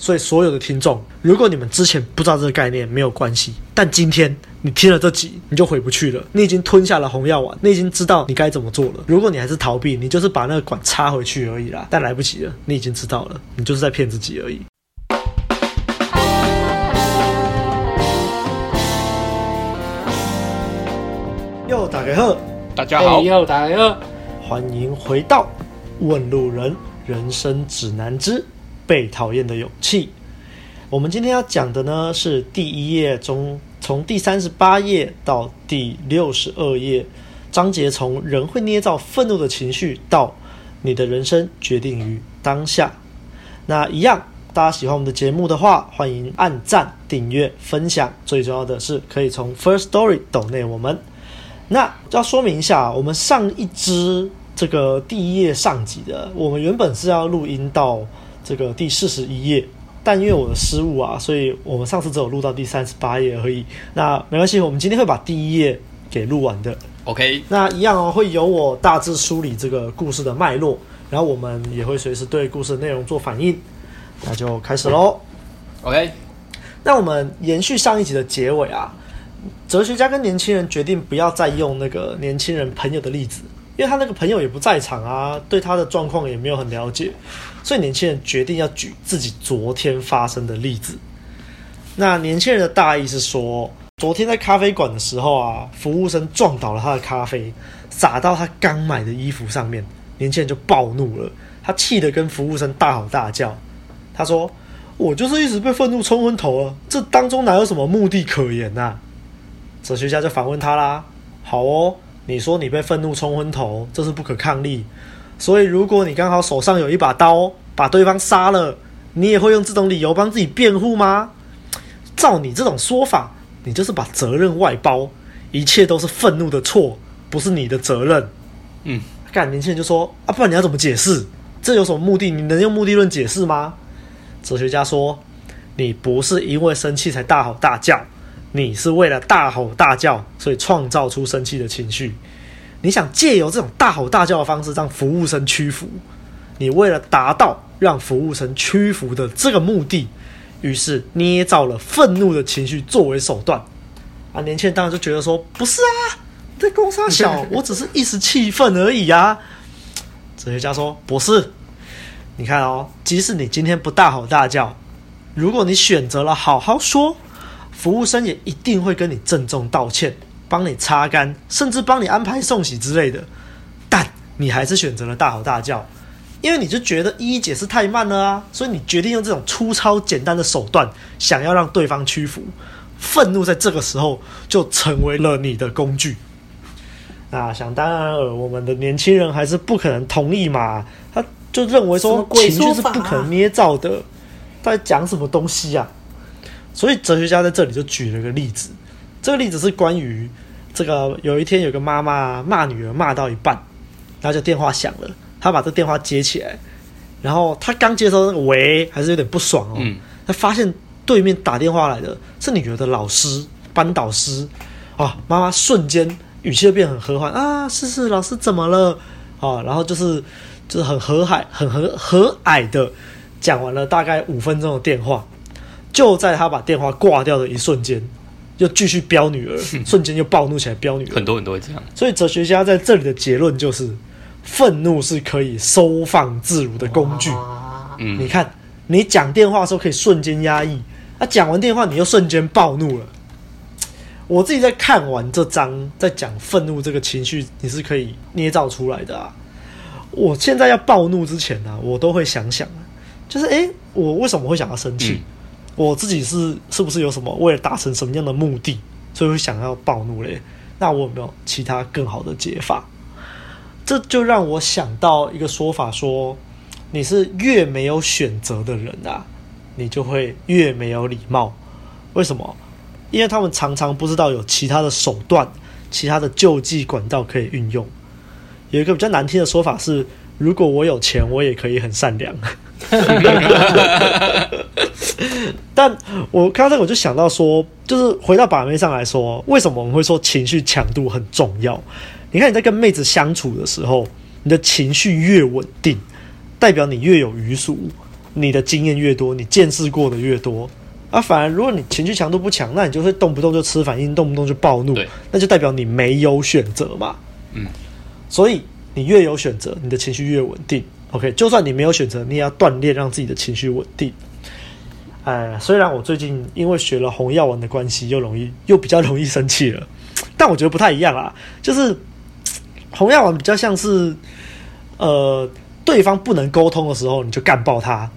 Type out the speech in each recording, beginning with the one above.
所以，所有的聽眾，如果你們之前不知道這個概念，沒有關係。但今天你聽了這集，你就回不去了。你已經吞下了紅藥丸，你已經知道你該怎麼做了。如果你還是逃避，你就是把那個管插回去而已啦。但來不及了，你已經知道了，你就是在騙自己而已。又打給呵，大家好，又打給呵，歡迎回到《問路人人生指南》之，被討厭的勇氣。我們今天要講的呢，是第一夜從，從從第三十八頁到第六十二頁，章節從人會捏造憤怒的情緒到你的人生決定於當下。那一樣，大家喜歡我們的節目的話，歡迎按讚、訂閱、分享。最重要的是，可以從 Firstory 抖內我們。那要說明一下，我們上一支這個第一夜上集的，我們原本是要錄音到。這個第四十一頁，但因為我的失誤啊，所以我們上次只有錄到第三十八頁而已。那沒關係，我們今天會把第一夜給錄完的。OK，那一樣哦，會由我大致梳理這個故事的脈絡，然後我們也會隨時對故事內容做反應。那就開始嘍。OK，那我們延續上一集的結尾啊，哲學家跟年輕人決定不要再用那個年輕人朋友的例子，因為他那個朋友也不在場啊，對他的狀況也沒有很了解。所以年輕人決定要舉自己昨天發生的例子。那年輕人的大意是說，昨天在咖啡館的時候啊，服務生撞倒了他的咖啡，灑到他剛買的衣服上面。年輕人就暴怒了，他氣得跟服務生大吼大叫。他說：“我就是一直被憤怒衝昏頭了，這當中哪有什麼目的可言吶、啊？”哲學家就反問他啦：“好哦，你說你被憤怒衝昏頭，這是不可抗力。”所以，如果你剛好手上有一把刀，把對方殺了，你也會用這種理由幫自己辯護嗎？照你這種說法，你就是把責任外包，一切都是憤怒的錯，不是你的責任。嗯，幹，年輕人就說啊，不然你要怎麼解釋？這有什麼目的？你能用目的論解釋嗎？哲學家說，你不是因為生氣才大吼大叫，你是為了大吼大叫，所以創造出生氣的情緒。你想借由這種大吼大叫的方式讓服務生屈服，你為了達到讓服務生屈服的這個目的，於是捏造了憤怒的情緒作為手段。啊，年輕人當然就覺得說不是啊，你在工三小，我只是一時氣憤而已啊。 哲學家說不是，你看哦，即使你今天不大吼大叫，如果你選擇了好好說，服務生也一定會跟你鄭重道歉。幫你擦乾，甚至幫你安排送洗之類的，但你還是選擇了大吼大叫，因為你就覺得一一解釋太慢了啊，所以你決定用這種粗糙簡單的手段，想要讓對方屈服。憤怒在這個時候就成為了你的工具。啊，想當然爾我們的年輕人還是不可能同意嘛，他就認為說情緒是不可能捏造的，他在講什麼東西啊。所以哲學家在這裡就舉了個例子。這個例子是關於這個，有一天有個媽媽罵女兒罵到一半，然後就電話響了，她把這電話接起來，然後她剛接收到那個“喂”，還是有點不爽哦。她發現對面打電話來的，是女兒的老師、班導師。啊、哦，媽媽瞬間語氣就變很和緩啊，是是，老師怎麼了？啊、哦，然後就是就是很和藹、很和和藹的講完了大概五分鐘的電話，就在她把電話掛掉的一瞬間，又繼續飆女兒，瞬間又暴怒起來，飆女兒。很多很多會這樣。所以哲學家在這裡的結論就是，憤怒是可以收放自如的工具。嗯、你看，你講電話的時候可以瞬間壓抑，啊，講完電話你又瞬間暴怒了。我自己在看完這章在講憤怒這個情緒，你是可以捏造出來的啊。我現在要暴怒之前呢、啊，我都會想想，就是誒、欸，我為什麼會想要生氣？嗯我自己是是不是有什麼為了達成什麼樣的目的，所以會想要暴怒嘞？那我有沒有其他更好的解法？這就讓我想到一個說法說，說你是越沒有選擇的人啊，你就會越沒有禮貌。為什麼？因為他們常常不知道有其他的手段、其他的救濟管道可以運用。有一個比較難聽的說法是。如果我有錢，我也可以很善良。 但我剛才我就想到說，就是回到把妹上來說，為什麼我們會說情緒強度很重要？你看你在跟妹子相處的時候，你的情緒越穩定，代表你越有餘數，你的經驗越多，你見識過的越多啊。反而如果你情緒強度不強，那你就會動不動就吃反應，動不動就暴怒，那就代表你沒有選擇嘛。嗯，所以。你越有選擇，你的情緒越穩定。OK，就算你沒有選擇，你也要鍛鍊，讓自己的情緒穩定。哎、呃，雖然我最近因為學了紅藥丸的關係，又容易又比較容易生氣了，但我覺得不太一樣啊。就是紅藥丸比較像是，呃，對方不能溝通的時候，你就幹爆他。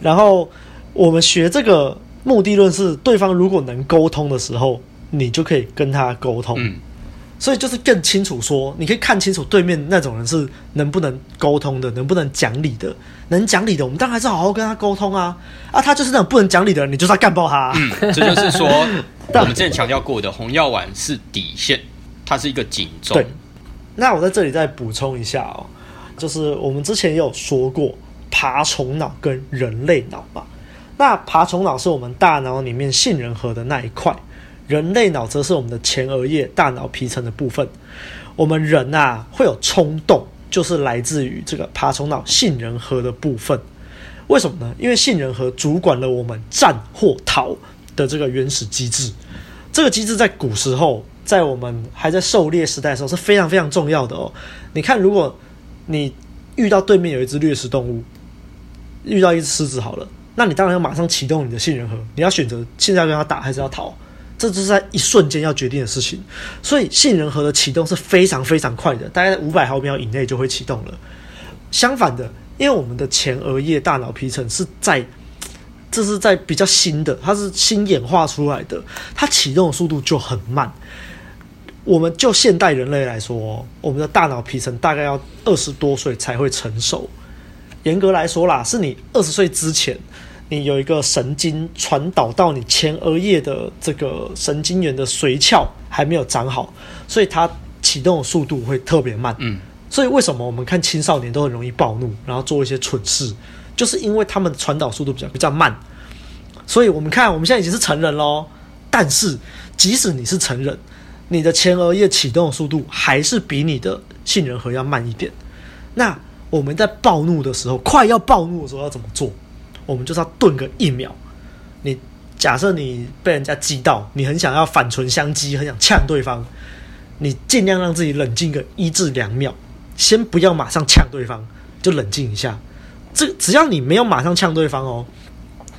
然後我們學這個目的論是，對方如果能溝通的時候，你就可以跟他溝通。嗯。所以就是更清楚說，你可以看清楚對面那種人是能不能溝通的，能不能講理的，能講理的，我們當然還是好好跟他溝通啊。啊，他就是那種不能講理的人，你就是要幹爆他啊。嗯，這就是說 我們之前強調過的紅藥丸是底線，它是一個警鐘。對。那我在這裡再補充一下哦，就是我們之前也有說過爬蟲腦跟人類腦嘛。那爬蟲腦是我們大腦裡面杏仁核的那一塊。人類腦則是我們的前額葉大腦皮層的部分。我們人啊，會有衝動，就是來自於這個爬蟲腦杏仁核的部分。為什麼呢？因為杏仁核主管了我們戰或逃的這個原始機制。這個機制在古時候，在我們還在狩獵時代的時候是非常非常重要的哦。你看，如果你遇到對面有一隻掠食動物，遇到一隻獅子好了，那你當然要馬上啟動你的杏仁核，你要選擇現在要跟他打還是要逃？這就是在一瞬間要決定的事情，所以杏仁核的啟動是非常非常快的，大概五百毫秒以內就會啟動了。相反的，因為我們的前額葉大腦皮層是在，這是在比較新的，它是新演化出來的，它啟動的速度就很慢。我們就現代人類來說，我們的大腦皮層大概要二十多歲才會成熟。嚴格來說啦，是你二十歲之前。你有一個神經傳導到你前額葉的這個神經元的髓鞘還沒有長好，所以它啟動的速度會特別慢。嗯，所以為什麼我們看青少年都很容易暴怒，然後做一些蠢事，就是因為他們傳導速度比較比較慢。所以我們看，我們現在已經是成人嘍，但是即使你是成人，你的前額葉啟動的速度還是比你的杏仁核要慢一點。那我們在暴怒的時候，快要暴怒的時候要怎麼做？我們就是要頓個一秒。你假設你被人家激到，你很想要反唇相譏，很想嗆對方，你盡量讓自己冷靜個一至兩秒，先不要馬上嗆對方，就冷靜一下。這只要你沒有馬上嗆對方哦，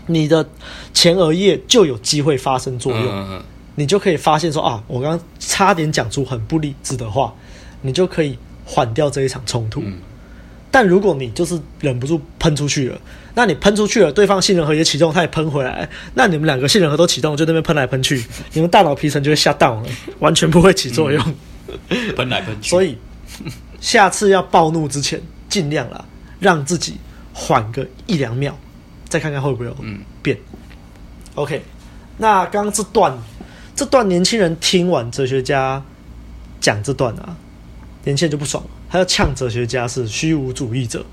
你的前額葉就有機會發生作用，你就可以發現說啊，我剛差點講出很不理智的話，你就可以緩掉這一場衝突。嗯。但如果你就是忍不住噴出去了，那你噴出去了，對方杏仁核也啟動，他也噴回來，那你們兩個杏仁核都啟動，就那邊噴來噴去，你們大腦皮層就會嚇到了，完全不會起作用。嗯、噴來噴去，所以下次要暴怒之前，盡量啦，讓自己緩個一兩秒，再看看會不會有變、嗯。OK，那剛剛這段，這段年輕人聽完哲學家講這段啊，年輕人就不爽了。他的嗆哲學家是虛無主義者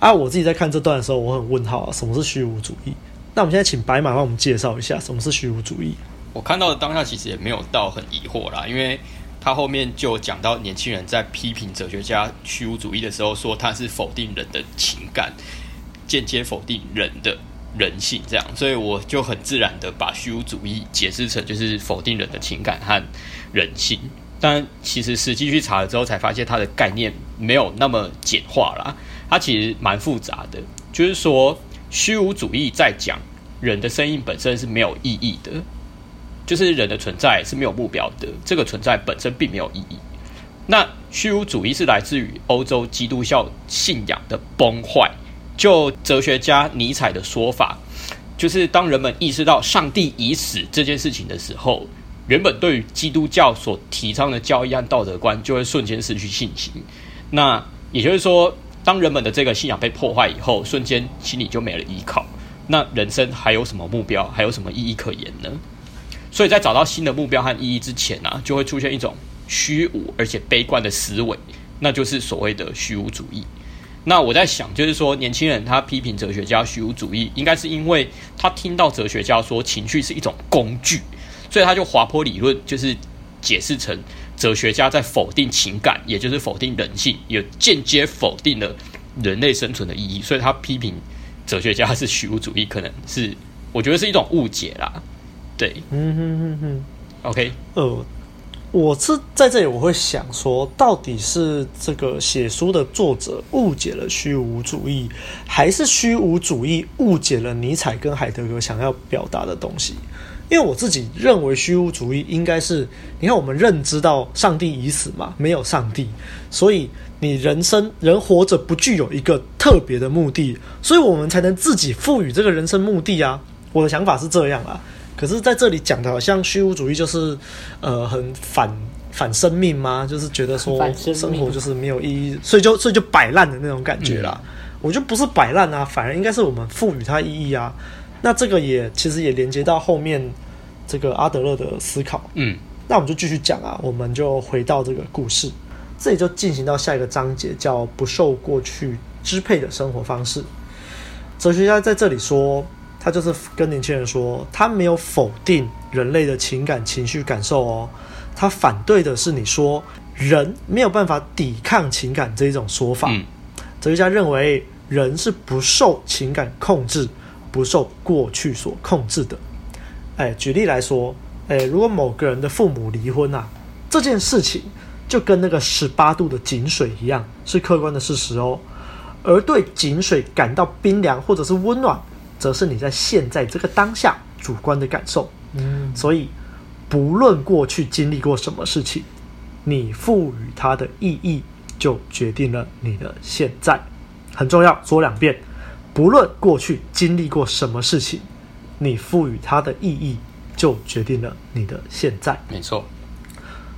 啊！我自己在看這段的時候，我很問號啊，什麼是虛無主義？那我們現在請白馬幫我們介紹一下什麼是虛無主義？我看到的當下其實也沒有到很疑惑啦，因為他後面就講到年輕人在批評哲學家虛無主義的時候，說他是否定人的情感，間接否定人的人性，這樣，所以我就很自然的把虛無主義解釋成就是否定人的情感和人性。但其實實際去查了之後，才發現它的概念沒有那麼簡化啦。它其實蠻複雜的，就是說虛無主義在講人的生命本身是沒有意義的，就是人的存在是沒有目標的，這個存在本身並沒有意義。那虛無主義是來自於歐洲基督教信仰的崩壞。就哲學家尼采的說法，就是當人們意識到上帝已死這件事情的時候。原本對於基督教所提倡的教義和道德觀，就會瞬間失去信心。那也就是說，當人們的這個信仰被破壞以後，瞬間心裡就沒了依靠。那人生還有什麼目標，還有什麼意義可言呢？所以在找到新的目標和意義之前啊，就會出現一種虛無而且悲觀的思維，那就是所謂的虛無主義。那我在想，就是說，年輕人他批評哲學家虛無主義，應該是因為他聽到哲學家說情緒是一種工具。所以他就滑坡理論，就是解釋成哲學家在否定情感，也就是否定人性，也間接否定了人類生存的意義。所以他批評哲學家是虛無主義，可能是我覺得是一種誤解啦。對，嗯嗯嗯嗯，OK，呃，我是在這裡我會想說，到底是這個寫書的作者誤解了虛無主義，還是虛無主義誤解了尼采跟海德格想要表達的東西？因為我自己認為虛無主義應該是，你看我們認知到上帝已死嘛，沒有上帝，所以你人生人活着不具有一個特別的目的，所以我們才能自己賦予這個人生目的啊。我的想法是這樣啊，可是在這裡講的好像虛無主義就是呃很反反生命嗎？就是覺得說生活就是沒有意義，所以就所以就擺爛的那種感覺啦、嗯。我就不是擺爛啊，反而應該是我們賦予它意義啊。那這個也其實也連接到後面這個阿德勒的思考，嗯，那我們就繼續講啊，我們就回到這個故事，這裡就進行到下一個章節，叫不受過去支配的生活方式。哲學家在這裡說，他就是跟年輕人說，他沒有否定人類的情感、情緒感受哦，他反對的是你說人沒有辦法抵抗情感這一種說法。嗯，哲學家認為人是不受情感控制，不受過去所控制的。哎，舉例來說，哎，如果某個人的父母離婚啊，這件事情就跟那個十八度的井水一樣，是客觀的事實哦。而對井水感到冰涼或者是溫暖，則是你在現在這個當下主觀的感受。嗯，所以不論過去經歷過什麼事情，你賦予它的意義，就決定了你的現在。很重要，說兩遍。不論過去經歷過什麼事情，你賦予它的意義，就決定了你的現在。沒錯。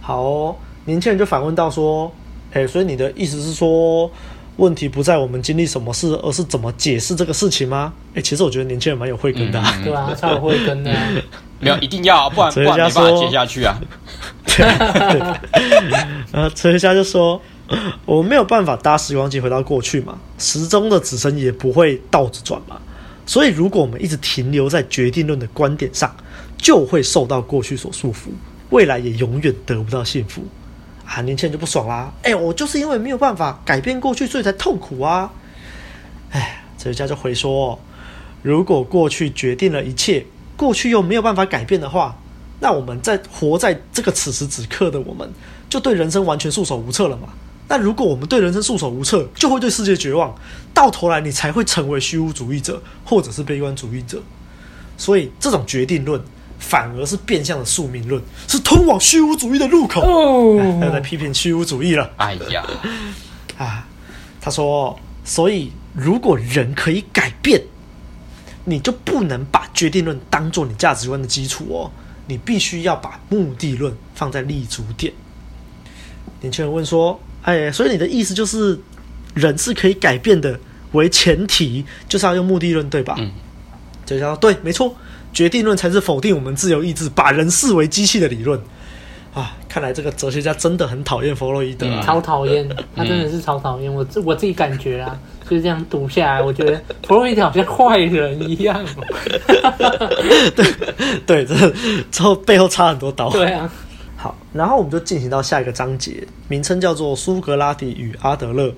好、哦，年輕人就反問到說：“哎、欸，所以你的意思是說，問題不在我們經歷什麼事，而是怎麼解釋這個事情嗎？”哎、欸，其實我覺得年輕人蠻有慧根的、啊嗯。對啊，才有慧根的。 沒有，一定要、啊，不然人、啊、哲學家說。解下去啊。 對對然後哲學家就說。我們沒有辦法搭時光機回到過去嘛？時鐘的指針也不會倒着轉嘛？所以，如果我們一直停留在決定論的觀點上，就會受到過去所束縛，未來也永遠得不到幸福啊！年輕人就不爽啦！哎，我就是因為沒有辦法改變過去，所以才痛苦啊！哎，哲學家就回說、哦，如果過去決定了一切，過去又沒有辦法改變的話，那我們在活在這個此時此刻的我們，就對人生完全束手無策了嘛？但如果我們對人生束手無策，就會對世界絕望，到頭來你才會成為虛無主義者，或者是悲觀主義者。所以這種決定論，反而是變相的宿命論，是通往虛無主義的入口。又、oh. 在批評虛無主義了。哎呀，啊，他說，所以如果人可以改變，你就不能把決定論當做你價值觀的基礎哦，你必須要把目的論放在立足點。年輕人問說。哎，所以你的意思就是，人是可以改變的，為前提就是要用目的論，對吧？嗯，哲學對，沒錯，決定論才是否定我們自由意志，把人視為機器的理論啊。看來這個哲學家真的很討厭弗洛伊德、嗯，超討厭，他真的是超討厭、嗯、我我自己感覺啊。就是這樣讀下來，我覺得弗洛伊德好像壞人一樣， 對，對，真的，之後背後插很多刀，對啊。好，然後我們就進行到下一個章節，名稱叫做《蘇格拉底與阿德勒》。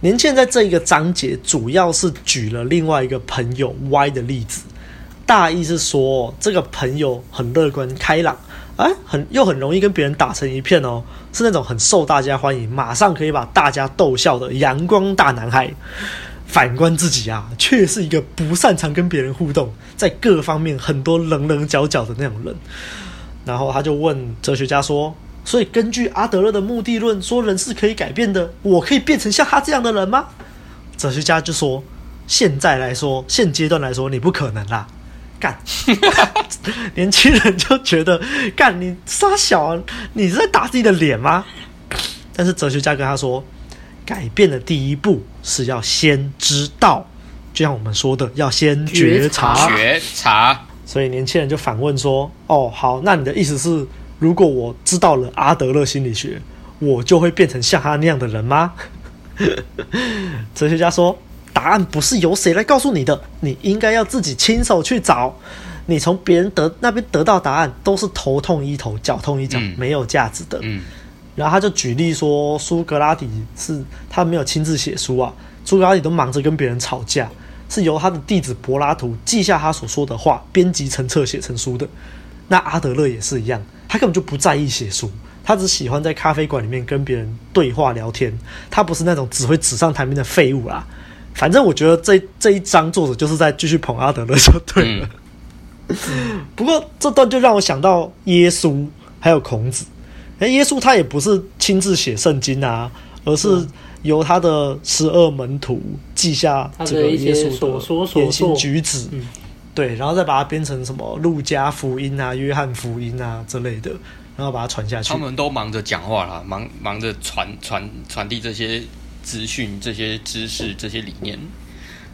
年輕人在這一個章節主要是舉了另外一個朋友 Y 的例子，大意是說，這個朋友很樂觀開朗，哎、啊，很又很容易跟別人打成一片哦，是那種很受大家歡迎，馬上可以把大家逗笑的陽光大男孩。反觀自己啊，卻是一個不擅長跟別人互動，在各方面很多稜稜角角的那種人。然後他就問哲學家說：“所以根據阿德勒的目的論說，人是可以改變的，我可以變成像他這樣的人嗎？”哲學家就說：“現在來說，現階段來說，你不可能啦。”幹， 年輕人就覺得幹你傻小啊，你是在打自己的臉嗎？但是哲學家跟他說：“改變的第一步是要先知道，就像我們說的，要先覺察覺察。”所以年輕人就反問說：“哦，好，那你的意思是，如果我知道了阿德勒心理學，我就會變成像他那樣的人嗎？” 哲學家說：“答案不是由誰來告訴你的，你應該要自己親手去找。你從別人得那邊得到答案，都是頭痛醫頭，腳痛醫腳，沒有價值的。嗯”，然後他就舉例說，蘇格拉底是他沒有親自寫書啊，蘇格拉底都忙着跟別人吵架。是由他的弟子柏拉圖記下他所說的話，編輯成冊寫成書的。那阿德勒也是一樣，他根本就不在意寫書，他只喜歡在咖啡館裡面跟別人對話聊天。他不是那種只會紙上談兵的廢物啦、啊。反正我覺得這這一章作者就是在繼續捧阿德勒，就對了。嗯、 不過這段就讓我想到耶穌還有孔子。誒，耶穌他也不是親自寫聖經啊，而是，是、啊。由他的十二門徒記下這個耶穌的言行舉止所所、嗯，對，然後再把它編成什麼《路加福音》啊、《約翰福音》啊之類的，然後把它傳下去。他們都忙着講話啦，忙忙着傳傳傳遞這些資訊、這些知識、這些理念，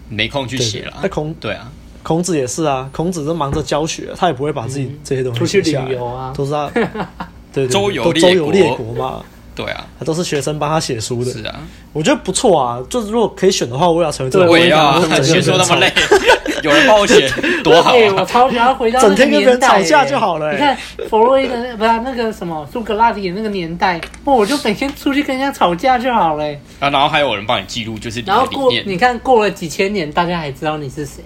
沒空去寫啦。那、啊、孔對啊，孔子也是啊，孔子是忙着教學、啊，他也不會把自己這些東西寫來、嗯、出去旅遊啊，都是他、啊， 對，對對，周遊列、列國嘛。對啊，他都是學生幫他寫書的。是啊，我覺得不錯啊。就是如果可以選的話，我也要成為這個。我也要啊。寫書那麼累， 有人幫我寫 多好、啊。對，我超喜歡回到整天人吵架就好了、欸。 你看，弗洛伊德不是、啊、那個什麼蘇格拉底那個年代，不、喔、我就每天出去跟人家吵架就好了、欸。啊， 然後還有人幫你記錄，就是你的理念。然後過你看過了幾千年，大家還知道你是誰。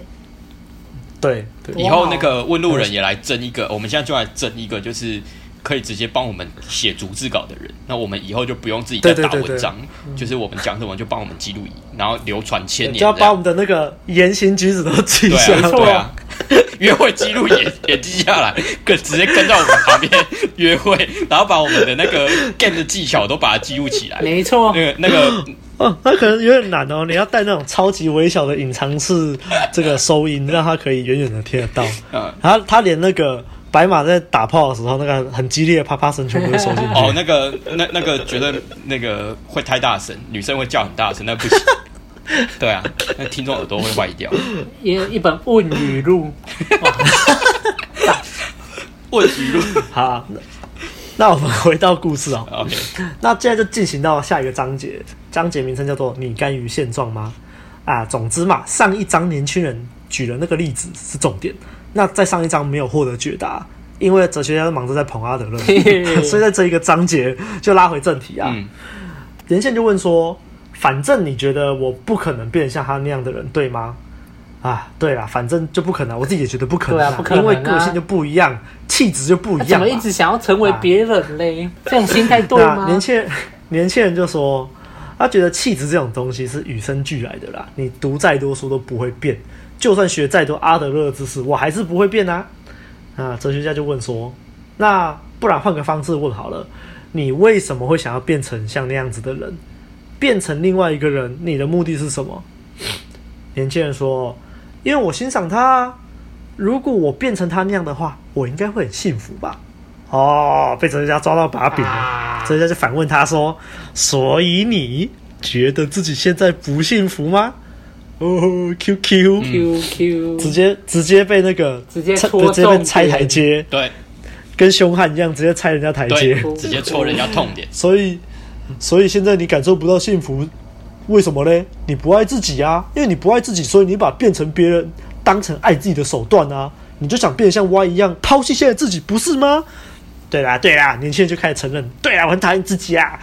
對，對，以後那個問路人也來爭一個。我們現在就來爭一個，就是。可以直接幫我們寫逐字稿的人，那我們以後就不用自己再打文章，對對對對，就是我們講什麼就幫我們記錄，然後流傳千年。就要把我們的那個言行舉止都記下來，對啊，對啊 約會記錄也也記下來，可直接跟到我們旁邊 約會，然後把我們的那個 g 的技巧都把它記錄起來，沒錯。嗯、那個那個哦，那可能有點難哦，你要帶那種超級微小的隱藏式這個收音，讓他可以遠遠的聽得到。嗯，然後他連那個。白馬在打炮的時候，那個很激烈的啪啪聲全部會收進去。哦、 oh, 那個，那個那那個覺得那個會太大聲，女生會叫很大聲，那個、不行。 對啊，那個、聽眾耳朵會壞掉。也有一本問語錄，問語錄。好，那我們回到故事哦、喔。OK， 那現在就進行到下一個章節，章節名稱叫做“你甘於現狀嗎？”啊，總之嘛，上一章年輕人舉的那個例子是重點。那再上一章沒有獲得解答。因為哲學家都忙着在捧阿德勒， 所以在這一個章節就拉回正題啊。年輕、嗯、人就問說：“反正你覺得我不可能變像他那樣的人，對嗎？”啊，對啦，反正就不可能，我自己也覺得不可能、啊不可能啊，因為個性就不一樣，氣、啊、質就不一樣。怎麼一直想要成為別人嘞？啊、 這種心態對嗎？年輕人年輕人就說：“他覺得氣質這種東西是與生俱來的啦，你讀再多書都不會變，就算學再多阿德勒的知識，我還是不會變啊。”啊，哲學家就問說：“那不然換個方式問好了，你為什麼會想要變成像那樣子的人，變成另外一個人？你的目的是什麼？”年輕人說：“因為我欣賞他。如果我變成他那樣的話，我應該會很幸福吧？”哦，被哲學家抓到把柄了。哲學家就反問他說：“所以你覺得自己現在不幸福嗎？”哦、oh,，Q Q Q、嗯、Q，直接直接被那個直接直接被拆台階，對，跟兇悍一樣，直接拆人家台階，直接戳人家痛點。 所以，所以現在你感受不到幸福，為什麼呢？你不愛自己啊，因為你不愛自己，所以你把變成別人當成愛自己的手段啊，你就想變得像 Y 一樣拋棄現在自己，不是嗎？對啦，對啦，年輕人就開始承認，對啦，我很討厭自己啊。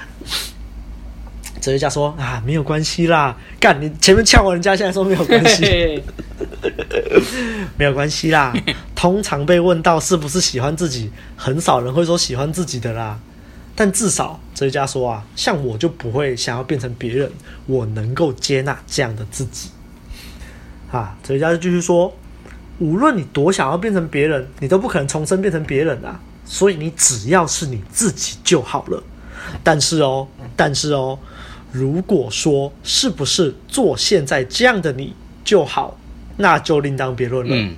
哲學家說：“啊，沒有關係啦，幹你前面嗆我，人家現在說沒有關係， 沒有關係啦。通常被問到是不是喜歡自己，很少人會說喜歡自己的啦。但至少哲學家說啊，像我就不會想要變成別人，我能夠接納這樣的自己。啊，哲學家就繼續說，無論你多想要變成別人，你都不可能重生變成別人啊。所以你只要是你自己就好了。但是哦，但是哦。”如果說是不是做現在這樣的你就好，那就另當別論了。嗯，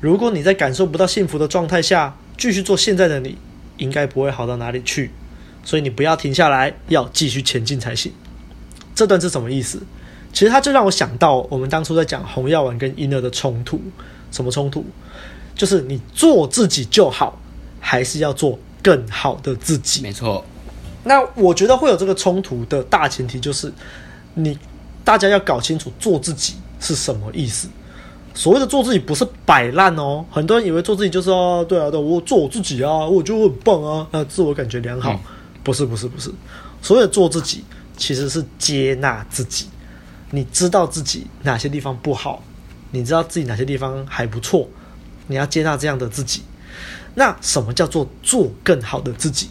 如果你在感受不到幸福的狀態下繼續做現在的你，應該不會好到哪裡去。所以你不要停下來，要繼續前進才行。這段是什麼意思？其實它就讓我想到我們當初在講紅藥丸跟嬰兒的衝突。什麼衝突？就是你做自己就好，還是要做更好的自己？沒錯。那我覺得會有這個衝突的大前提就是，你大家要搞清楚做自己是什麼意思。所謂的做自己不是擺爛哦，很多人以為做自己就是哦、啊，對啊，對啊，對，我做我自己啊，我就很棒啊，那自我感覺良好。不是，嗯，不是，不是。所謂的做自己其實是接納自己，你知道自己哪些地方不好，你知道自己哪些地方還不錯，你要接納這樣的自己。那什麼叫做做更好的自己？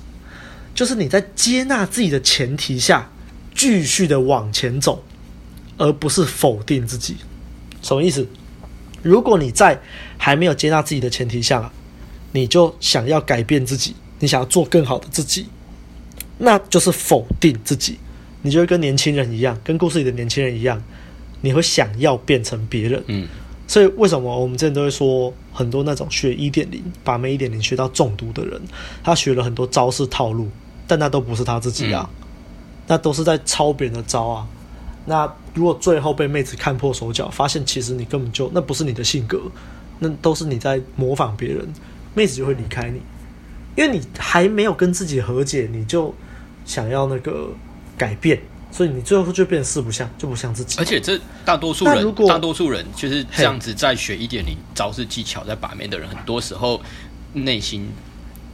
就是你在接納自己的前提下，繼續的往前走，而不是否定自己。什麼意思？如果你在還沒有接納自己的前提下、啊，你就想要改變自己，你想要做更好的自己，那就是否定自己。你就會跟年輕人一樣，跟故事裡的年輕人一樣，你會想要變成別人。嗯。所以為什麼我們之前都會說很多那種學一點零，把每一點零學到中毒的人，他學了很多招式套路。但那都不是他自己啊，嗯、那都是在抄別人的招啊。那如果最後被妹子看破手腳，發現其實你根本就那不是你的性格，那都是你在模仿別人，妹子就會離開你，因為你還沒有跟自己和解，你就想要那個改變，所以你最後就變得四不像，就不像自己。而且這大多數人，大多數人就是這樣子在學一點你招式技巧，在把妹的人，很多時候內心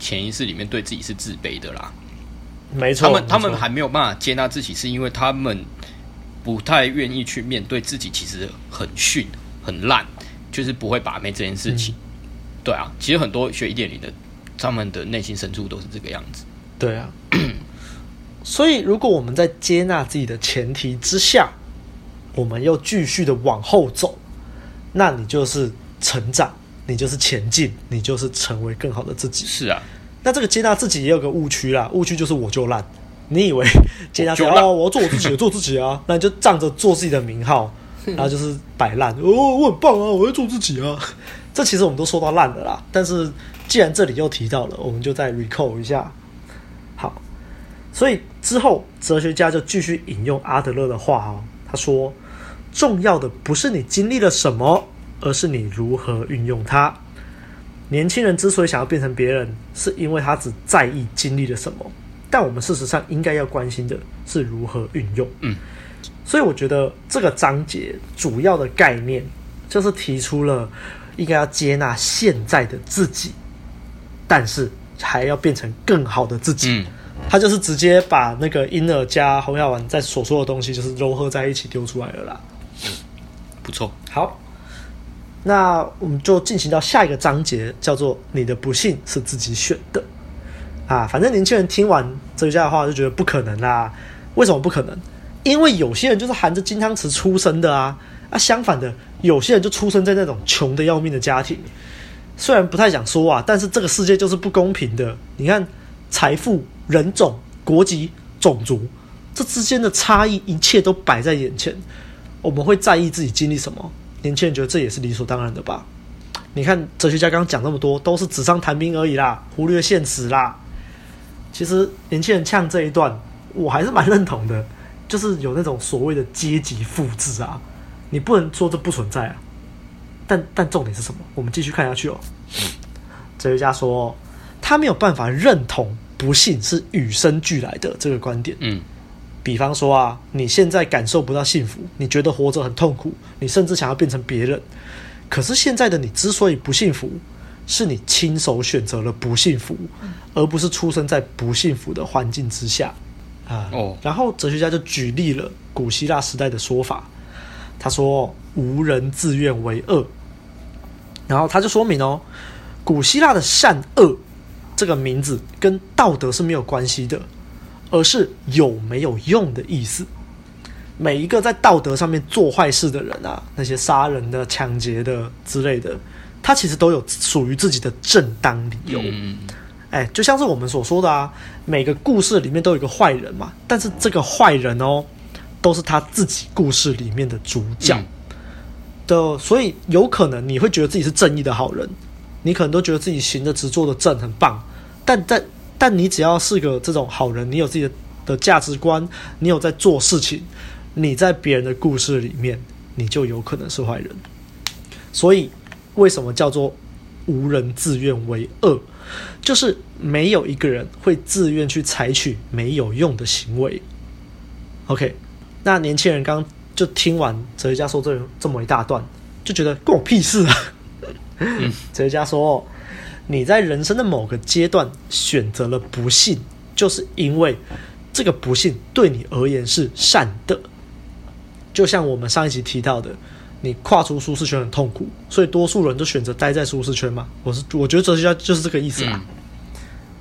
潛意識裡面對自己是自卑的啦。沒錯，他們他們還沒有辦法接納自己，是因為他們不太願意去面對自己，其實很遜、很爛，就是不會把妹這件事情。嗯、對啊，其實很多學一點零的，他們的內心深處都是這個樣子。對啊， 所以如果我們在接納自己的前提之下，我們要繼續的往後走，那你就是成長，你就是前進，你就是成為更好的自己。是啊。那這個接納自己也有個誤區啦，誤區就是我就爛，你以為接納說我、啊、我要做我自己，我做自己啊？那 你就仗着做自己的名號，然後就是擺爛。哦，我很棒啊，我要做自己啊！這其實我們都說到爛的啦，但是既然這裡又提到了，我們就再 recall 一下。好，所以之後哲學家就繼續引用阿德勒的話哦，他說：“重要的不是你經歷了什麼，而是你如何運用它。”年輕人之所以想要變成別人，是因為他只在意經歷了什麼。但我們事實上應該要關心的是如何運用。嗯，所以我覺得這個章節主要的概念就是提出了應該要接納現在的自己，但是還要變成更好的自己。嗯，他就是直接把那個嬰兒加侯耀文在所說的東西就是糅合在一起丟出來了啦。嗯，不錯。好。那我們就進行到下一個章節，叫做“你的不幸是自己選的”。啊，反正年輕人聽完哲學家的話就覺得不可能啦。為什麼不可能？因為有些人就是含着金湯匙出生的啊！啊，相反的，有些人就出生在那種窮得要命的家庭。雖然不太想說啊，但是這個世界就是不公平的。你看，財富、人種、國籍、種族，這之間的差異，一切都擺在眼前。我們會在意自己經歷什麼？年輕人覺得這也是理所當然的吧？你看哲學家剛剛講那麼多，都是紙上談兵而已啦，忽略現實啦。其實年輕人嗆這一段，我還是蠻認同的，就是有那種所謂的階級複製啊，你不能說這不存在啊。但但重點是什麼？我們繼續看下去哦。哲學家說，他沒有辦法認同不幸是與生俱來的這個觀點。嗯。比方說啊，你現在感受不到幸福，你覺得活着很痛苦，你甚至想要變成別人。可是現在的你之所以不幸福，是你親手選擇了不幸福，而不是出生在不幸福的環境之下啊、呃。哦，然後哲學家就舉例了古希臘時代的說法，他說“無人自願為惡”，然後他就說明哦，古希臘的善惡這個名字跟道德是沒有關係的。而是有沒有用的意思。每一個在道德上面做壞事的人啊，那些殺人的、搶劫的之類的，他其實都有屬於自己的正當理由、嗯。哎，就像是我們所說的啊，每個故事裡面都有一個壞人嘛，但是這個壞人哦，都是他自己故事裡面的主角的、嗯哦，所以有可能你會覺得自己是正義的好人，你可能都覺得自己行的直、坐的正，很棒，但但。但你只要是個這種好人，你有自己的的價值觀，你有在做事情，你在別人的故事裡面，你就有可能是壞人。所以，為什麼叫做無人自願為惡？就是沒有一個人會自願去採取沒有用的行為。OK，那年輕人剛就聽完哲學家說這這麼一大段，就覺得關我屁事啊。嗯。哲學家說。你在人生的某個階段選擇了不幸，就是因為這個不幸對你而言是善的。就像我們上一集提到的，你跨出舒適圈很痛苦，所以多數人都選擇待在舒適圈嘛。我是我覺得哲學家就是這個意思啦、嗯。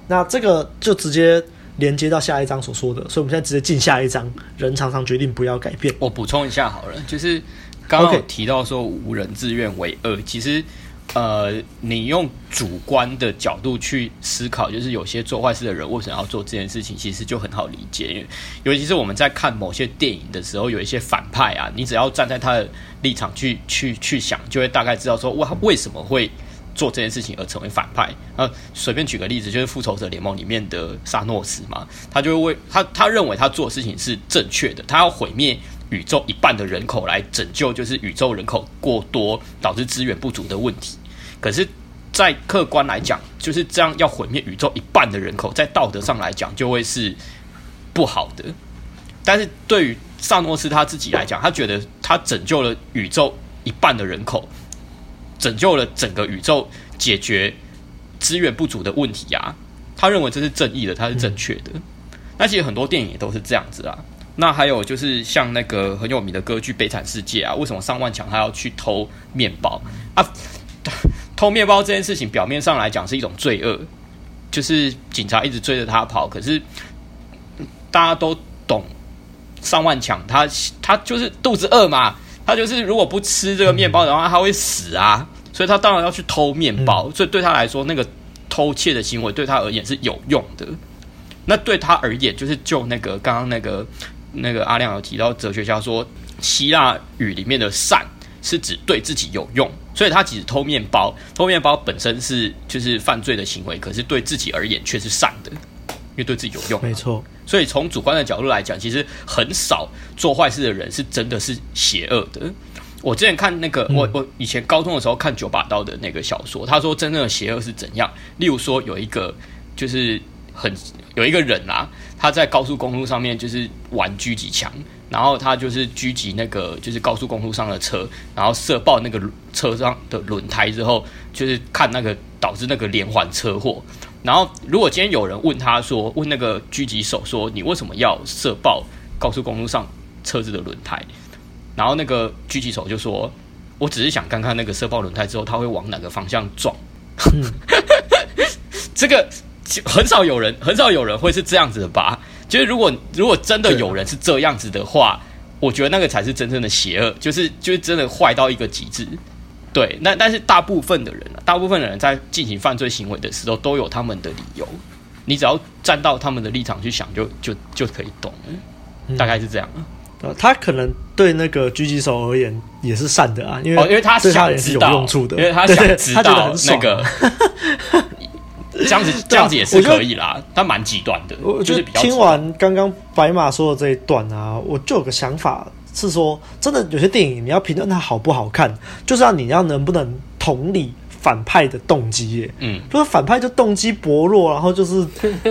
那這個就直接連接到下一章所說的，所以我們現在直接進下一章。人常常決定不要改變。我補充一下好了，就是剛剛有提到說無人自願為惡、okay，其實。呃，你用主觀的角度去思考，就是有些做壞事的人為什麼要做這件事情，其實就很好理解。因為尤其是我們在看某些電影的時候，有一些反派啊，你只要站在他的立場去去去想，就會大概知道說，哇，他為什麼會做這件事情而成為反派。那、呃、隨便舉個例子，就是《復仇者聯盟》裡面的沙諾斯嘛，他就會為他他認為他做的事情是正確的，他要毀滅宇宙一半的人口來拯救，就是宇宙人口過多導致資源不足的問題。可是，在客觀來講，就是這樣要毀滅宇宙一半的人口，在道德上來講就會是不好的。但是對於薩諾斯他自己來講，他覺得他拯救了宇宙一半的人口，拯救了整個宇宙，解決資源不足的問題呀，啊。他認為這是正義的，他是正確的。嗯。那其實很多電影也都是這樣子啊。那還有就是像那個很有名的歌劇《悲慘世界》啊，為什麼上萬強他要去偷面包啊？偷面包這件事情表面上來講是一種罪惡，就是警察一直追着他跑，可是大家都懂，上萬強他他就是肚子餓嘛，他就是如果不吃這個麵包的話他會死啊，所以他當然要去偷面包，所以對他來說那個偷竊的行為對他而言是有用的。那對他而言就是就那個剛剛那個。那個阿亮有提到哲學家說，希臘語裡面的善是指對自己有用，所以他其實偷麵包，偷麵包本身是就是犯罪的行為，可是對自己而言卻是善的，因為對自己有用啊。沒錯，所以從主觀的角度來講，其實很少做壞事的人是真的是邪惡的。我之前看那個，我我以前高中的時候看九把刀的那個小說，他說真正的邪惡是怎樣？例如說有一個就是很有一個人啊。他在高速公路上面就是玩狙擊槍，然後他就是狙擊那個就是高速公路上的車，然後射爆那個車上的輪胎之後，就是看那個導致那個連環車禍。然後如果今天有人問他說，問那個狙擊手說，你為什麼要射爆高速公路上車子的輪胎？然後那個狙擊手就說，我只是想看看那個射爆輪胎之後，他會往哪個方向撞。 這個。很少有人，很少有人會是這樣子的吧？就是如果，如果真的有人是這樣子的話，啊、我覺得那個才是真正的邪惡，就是，就是真的壞到一個極致。對，那但是大部分的人，啊，大部分的人在進行犯罪行為的時候都有他們的理由。你只要站到他們的立場去想就，就就就可以懂了，嗯，大概是這樣。呃，他可能對那個狙擊手而言也是善的啊，因為、哦、因為他想知道是，因為他想知道那個。對對對 這樣子 這樣子也是可以啦，但蠻極端的。我覺得聽完剛剛白馬說的這一段啊， 我就有個想法是說，真的有些電影你要評論它好不好看，就是要你要能不能同理。反派的動機，嗯，就是反派就動機薄弱，然後就是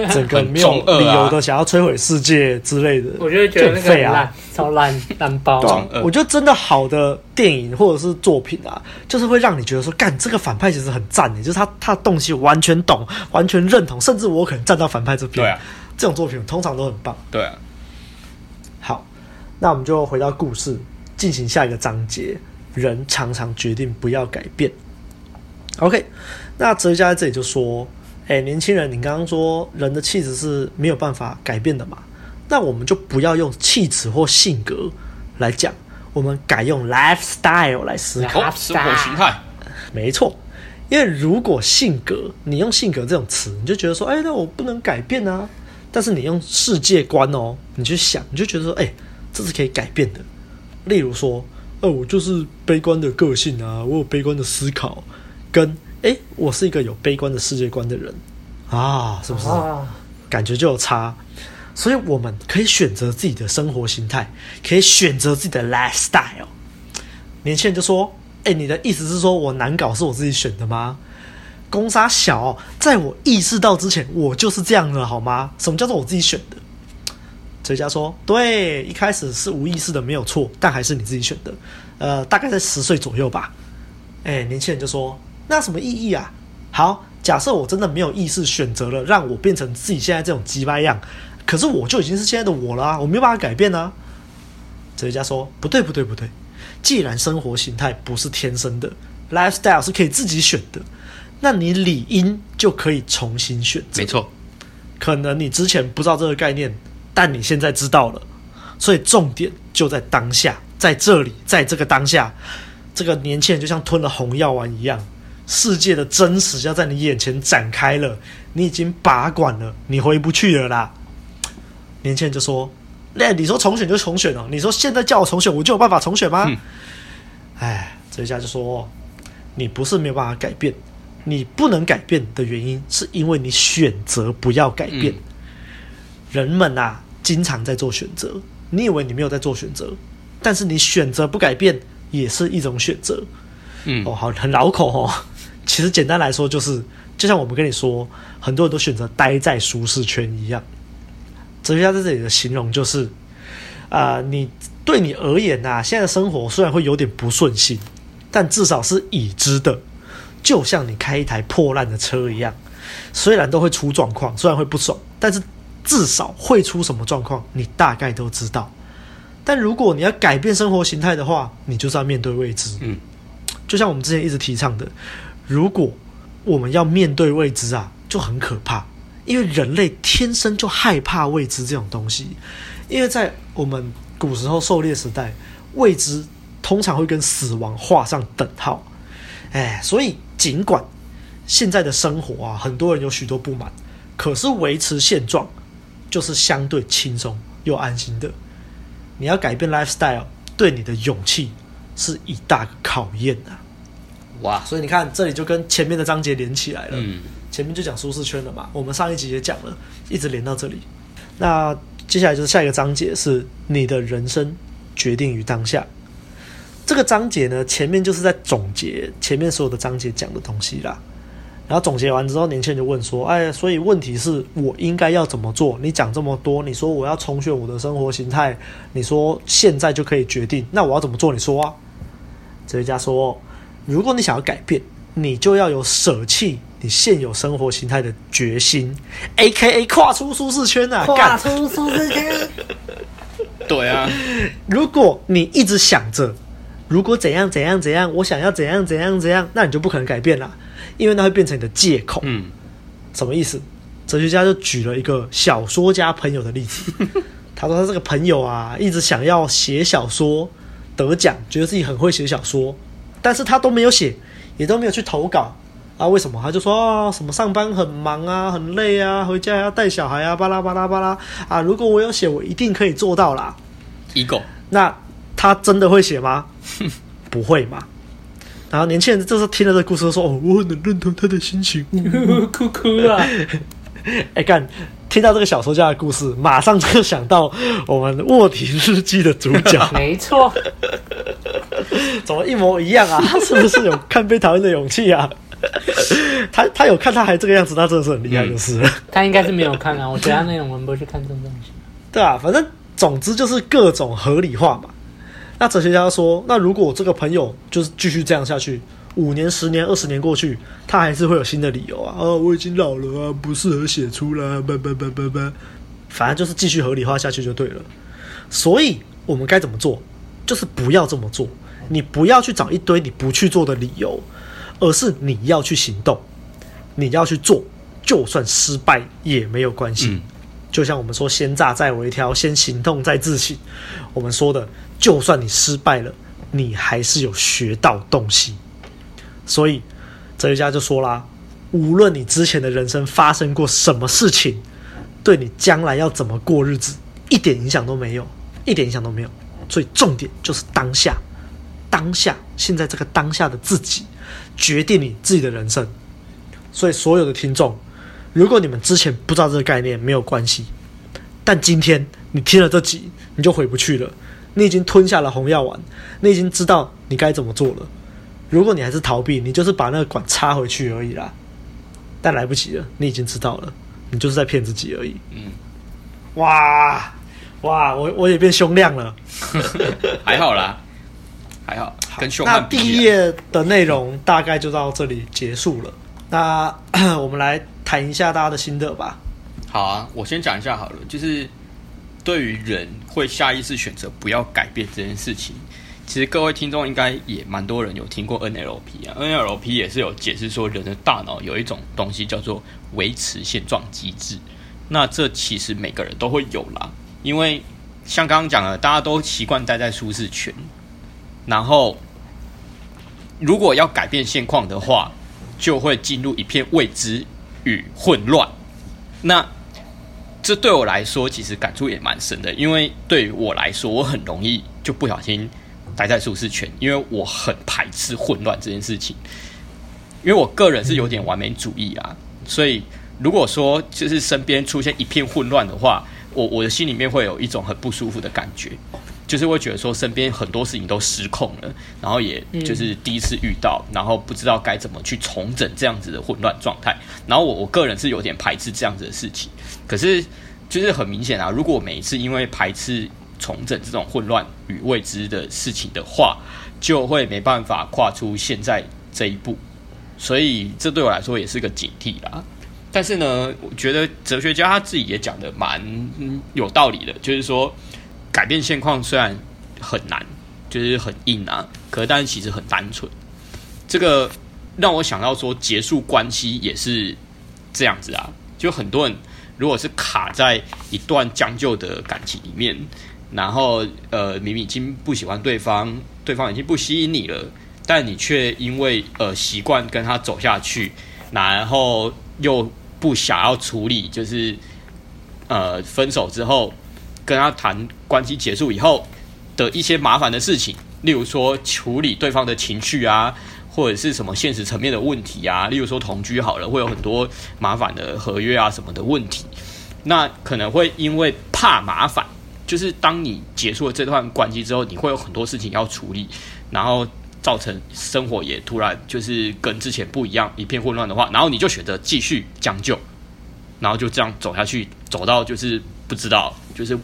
整個沒有理由的想要摧毀世界之類的，啊就啊、我就覺得很廢啊，超爛爛包。我覺得真的好的電影或者是作品啊，就是會讓你覺得說，幹這個反派其實很讚的，就是他他的動機完全懂，完全認同，甚至我可能站到反派這邊，對、啊、這種作品通常都很棒。對、啊，好，那我們就回到故事，進行下一個章節。人常常決定不要改變。O.K.，那哲學家在這裡就說：“哎、欸，年輕人，你剛剛說人的氣質是沒有辦法改變的嘛？那我們就不要用氣質或性格來講，我們改用 lifestyle 來思考生活形態。沒錯，因為如果性格，你用性格這種詞，你就覺得說：哎、欸，那我不能改變啊。但是你用世界觀哦，你去想，你就覺得說：哎、欸，這是可以改變的。例如說，哦、呃，我就是悲觀的個性啊，我有悲觀的思考。”跟誒、欸，我是一個有悲觀的世界觀的人啊，是不是、啊？感覺就有差，所以我們可以選擇自己的生活形態，可以選擇自己的 lifestyle。年輕人就說：“誒、欸，你的意思是說我難搞是我自己選的嗎？”攻殺小，在我意識到之前，我就是這樣的好嗎？什麼叫做我自己選的？哲學家說：“對，一開始是無意識的，沒有錯，但還是你自己選的。呃，大概在十歲左右吧。欸”誒，年輕人就說。那什麼意義啊？好，假設我真的沒有意識選擇了，讓我變成自己現在這種雞巴樣，可是我就已經是現在的我了啊，我沒有辦法改變啊。哲學家說不對不對不對，既然生活形態不是天生的，lifestyle 是可以自己選的，那你理應就可以重新選擇。沒錯，可能你之前不知道這個概念，但你現在知道了，所以重點就在當下，在這裡，在這個當下，這個年輕人就像吞了紅藥丸一樣。世界的真實要在你眼前展開了，你已經拔管了，你回不去了啦。年輕人就說：“那你說重選就重選哦，你說現在叫我重選，我就有辦法重選嗎？”哎、嗯，這一下就說：“你不是沒有辦法改變，你不能改變的原因，是因為你選擇不要改變。嗯”人們啊，經常在做選擇，你以為你沒有在做選擇，但是你選擇不改變也是一種選擇。嗯、哦，好，很拗口哦。其實簡單來說，就是就像我們跟你說，很多人都選擇待在舒適圈一樣。哲學家在這裡的形容就是：啊、呃，你對你而言吶、啊，現在的生活雖然會有點不順心，但至少是已知的。就像你開一台破爛的車一樣，雖然都會出狀況，雖然會不爽，但是至少會出什麼狀況，你大概都知道。但如果你要改變生活形態的話，你就是要面對未知。嗯，就像我們之前一直提倡的。如果我們要面對未知啊，就很可怕，因為人類天生就害怕未知這種東西，因為在我們古時候狩獵時代，未知通常會跟死亡畫上等號，哎，所以儘管現在的生活啊，很多人有許多不滿，可是維持現狀就是相對輕鬆又安心的，你要改變 lifestyle，對你的勇氣是一大個考驗啊。哇！所以你看，這裡就跟前面的章節連起來了。嗯，前面就講舒適圈了嘛。我們上一集也講了，一直連到這裡。那接下來就是下一個章節，是你的人生決定於當下。這個章節呢，前面就是在總結前面所有的章節講的東西啦。然後總結完之後，年輕人就問說：“哎，所以問題是我應該要怎麼做？你講這麼多，你說我要重選我的生活形態，你說現在就可以決定，那我要怎麼做？你說啊？”哲學家說。如果你想要改變，你就要有捨棄你現有生活形態的決心，AKA 跨出舒適圈啊！跨出舒適圈啊。 對啊，如果你一直想着，如果怎樣怎樣怎樣，我想要怎樣怎樣怎樣，那你就不可能改變了，因為那會變成你的借口。嗯，什麼意思？哲學家就舉了一個小說家朋友的例子， 他說他這個朋友啊，一直想要寫小說得獎，覺得自己很會寫小說。但是他都沒有寫，也都沒有去投稿啊？為什麼？他就說、哦、什麼上班很忙啊，很累啊，回家要、啊、帶小孩啊，巴拉巴拉巴拉啊！如果我有寫，我一定可以做到啦。一個。那他真的會寫嗎？ 不會嘛？然後年輕人就是聽了這個故事說，說哦，我很能認同他的心情，哦、哭哭啦哎、啊 欸、幹。聽到這個小說家的故事，馬上就想到我們《臥底日記》的主角。沒錯， 怎麼一模一樣啊？他是不是有看被討厭的勇氣啊？他他有看，他還這個樣子，他真的是很厲害，就是。嗯、他應該是沒有看啊，我覺得他那種我們不是看這種東西。 對啊，反正總之就是各種合理化嘛。那哲學家說，那如果我這個朋友就是繼續這樣下去。五年、十年、二十年過去，他還是會有新的理由啊！哦、啊，我已經老了啊，不適合寫出來，叭叭叭叭叭，反正就是繼續合理化下去就對了。所以，我們該怎麼做？就是不要這麼做，你不要去找一堆你不去做的理由，而是你要去行動，你要去做，就算失敗也沒有關係、嗯。就像我們說，先炸再微調，先行動再自省。我們說的，就算你失敗了，你還是有學到東西。所以，哲學家就說啦，無論你之前的人生發生過什麼事情，對你將來要怎麼過日子，一點影響都沒有，一點影響都沒有。所以重點就是當下，當下，現在這個當下的自己，決定你自己的人生。所以所有的聽眾，如果你們之前不知道這個概念，沒有關係，但今天你聽了這集，你就回不去了，你已經吞下了紅藥丸，你已經知道你該怎麼做了。如果你還是逃避，你就是把那個管插回去而已啦，但來不及了，你已經知道了，你就是在騙自己而已。嗯，哇哇，我我也變胸亮了。還好啦， 還好。跟好那第一夜的內容大概就到這裡結束了。嗯、那我們來談一下大家的心得吧。好啊，我先講一下好了，就是對於人會下意識選擇不要改變這件事情。其實各位聽眾應該也蠻多人有聽過 NLP 啊，NLP 也是有解釋說，人的大腦有一種東西叫做維持現狀機制。那這其實每個人都會有啦，因為像剛剛講的，大家都習慣待在舒適圈，然後如果要改變現況的話，就會進入一片未知與混亂。那這對我來說其實感觸也蠻深的，因為對於我來說，我很容易就不小心。待在舒適圈，因為我很排斥混亂這件事情，因為我個人是有點完美主義啊，嗯、所以如果說就是身邊出現一片混亂的話，我我的心裡面會有一種很不舒服的感覺，就是會覺得說身邊很多事情都失控了，然後也就是第一次遇到，嗯、然後不知道該怎麼去重整這樣子的混亂狀態，然後我我個人是有點排斥這樣子的事情，可是就是很明顯啊，如果每一次因為排斥。重整這種混亂與未知的事情的話，就會沒辦法跨出現在這一步，所以這對我來說也是個警惕啦。但是呢，我覺得哲學家他自己也講得蠻有道理的，就是說改變現況雖然很難，就是很硬啊，可是但是其實很單純。這個讓我想到說，結束關係也是這樣子啊。就很多人如果是卡在一段將就的感情裡面。然後，呃，明明已經不喜歡對方，對方已經不吸引你了，但你卻因為呃習慣跟他走下去，然後又不想要處理，就是呃分手之後，跟他談關係結束以後的一些麻煩的事情，例如說處理對方的情緒啊，或者是什麼現實層面的問題啊，例如說同居好了，會有很多麻煩的合約啊什麼的問題，那可能會因為怕麻煩。就是當你結束了這段關係之後，你會有很多事情要處理，然後造成生活也突然就是跟之前不一樣，一片混亂的話，然後你就選擇繼續將就，然後就這樣走下去，走到就是不知道，就是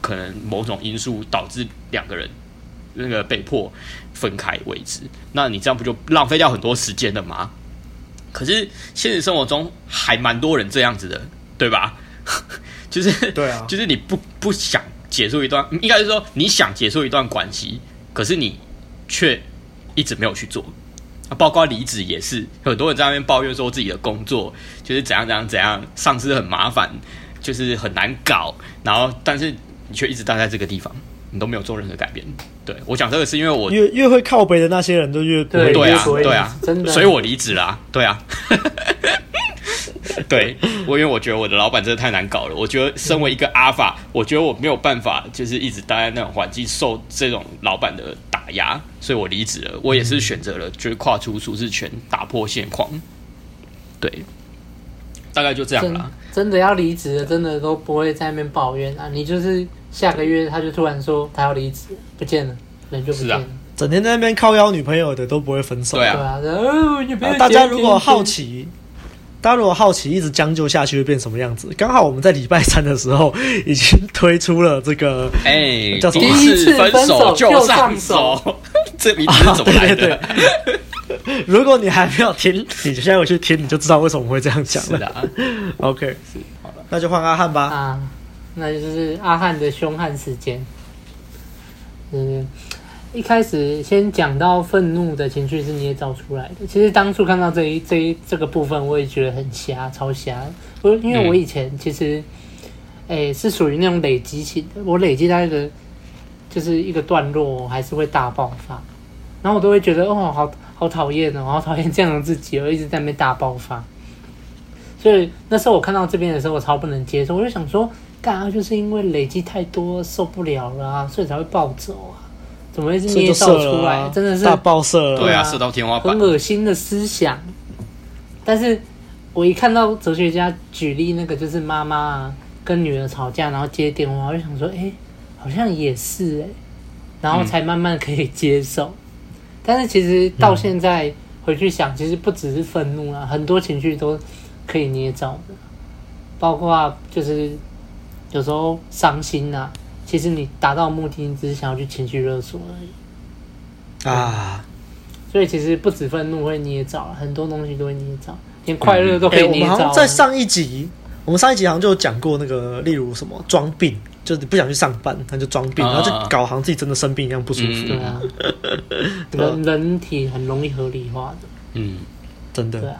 可能某種因素導致兩個人那個被迫分開為止，那你這樣不就浪費掉很多時間了嗎？可是現實生活中還蠻多人這樣子的，對吧？就是對啊，就是你不不想結束一段，應該是說你想結束一段關係，可是你卻一直沒有去做。啊，包括離職也是，很多人在那邊抱怨說自己的工作就是怎樣怎樣怎樣，上司很麻煩，就是很難搞，然後但是你卻一直待在這個地方，你都沒有做任何改變。對我講這個是因為我越越會靠北的那些人都越對，對啊，對啊，所以，啊，所以我離職啦，對啊。 對我，因為我覺得我的老闆真的太難搞了。我覺得身為一個阿法、嗯，我覺得我沒有辦法，就是一直待在那種環境，受這種老闆的打壓，所以我離職了。我也是選擇了、嗯，就是跨出舒適圈，打破現況，對，大概就這樣了。真的要離職了，真的都不會在那邊抱怨啊！你就是下個月他就突然說他要離職，不見了，人就不見了。啊、整天在那邊靠邀女朋友的都不會分手。對啊，對啊哦、女朋友。大家如果好奇。大家如果好奇，一直將就下去會變什麼樣子？剛好我們在禮拜三的時候已經推出了這個，哎、欸，叫什麼？第一次分手就上手，這名字怎麼來的？對對對 如果你還沒有聽，你現在回去聽，你就知道為什麼我會這樣講了。啊、OK，那就換阿漢吧、啊。那就是阿漢的凶悍時間。嗯。一開始先講到憤怒的情緒是捏造出來的。其實當初看到這一這一這個部分，我也覺得很瞎，超瞎。我因為我以前其實，哎、欸，是屬於那種累積型的。我累積到一個就是一個段落，還是會大爆發。然後我都會覺得，哦、喔，好好討厭哦，我好討厭這樣的自己，我一直在那邊大爆發。所以那時候我看到這邊的時候，我超不能接受。我就想說，幹嘛就是因為累積太多受不了了啊，所以才會暴走啊？怎麼會是捏造出來色色、啊？真的是大爆射了、啊，對啊，射到天花板。很惡心的思想，但是我一看到哲學家舉例那個，就是媽媽跟女兒吵架，然後接電話，我就想說，哎、欸，好像也是哎、欸，然後才慢慢可以接受、嗯。但是其實到現在回去想，嗯、其實不只是憤怒啊，很多情緒都可以捏造的，包括就是有時候傷心吶、啊。其實你達到目的，你只是想要去情緒勒索而已啊！所以其實不止憤怒會捏造，很多東西都會捏造，連快樂都可以捏造。嗯欸、我們好像在上一集、嗯，我們上一集好像就講過那個，例如什麼裝病，就是不想去上班，他就裝病、啊，然後就搞好像自己真的生病一樣不舒服。對、嗯、啊，人 人體很容易合理化的，嗯，真的對啊。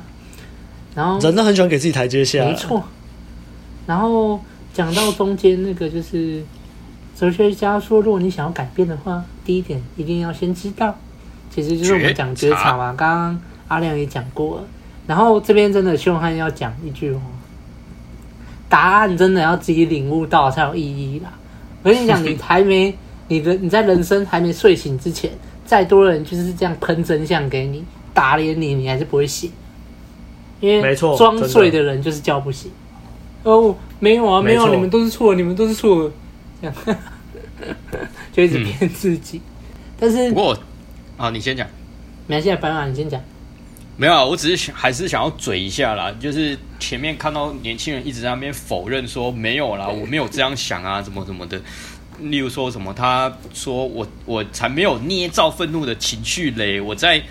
然後，然後人都很喜歡給自己台階下，沒錯。然後講到中間那個就是。哲學家說：“如果你想要改變的話，第一點一定要先知道，其實就是我們講覺察嘛。剛剛阿亮也講過了，然後這邊真的秀漢要講一句話，答案真的要自己領悟到才有意義啦。我跟你講，你還沒 你的你在人生還沒睡醒之前，再多人就是這樣噴真相給你打臉你，你還是不會醒，因為裝睡的人就是叫不醒。哦，沒有啊，沒有啊，你們都是錯，你們都是錯。”這樣，就一直騙自己、嗯。但是，不過我，好，你先講。馬來西亞朋友，你先講。沒有啊，我只是想，還是想要嘴一下啦。就是前面看到年輕人一直在那邊否認說沒有啦，我沒有這樣想啊，怎麼怎麼的。 例如說什麼，他說我，我才沒有捏造憤怒的情緒嘞。我在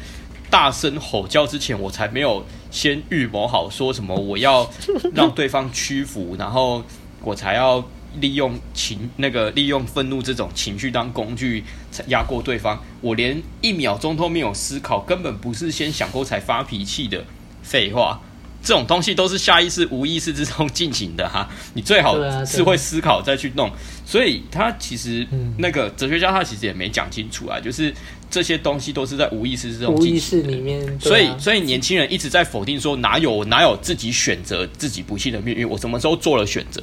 大聲吼叫之前，我才沒有先預謀好說什麼，我要讓對方屈服， 然後我才要。利用情，那個利用憤怒這種情緒當工具才壓過對方，我連一秒鐘都沒有思考，根本不是先想過才發脾氣的。廢話，這種東西都是下意識、無意識之中進行的哈、啊。你最好是會思考再去弄。所以，他其實那個哲學家他其實也沒講清楚啊，就是這些東西都是在無意識之中進行的。無意識裡面，所以，所以年輕人一直在否定說哪有哪有自己選擇自己不幸的命運？我什麼時候做了選擇？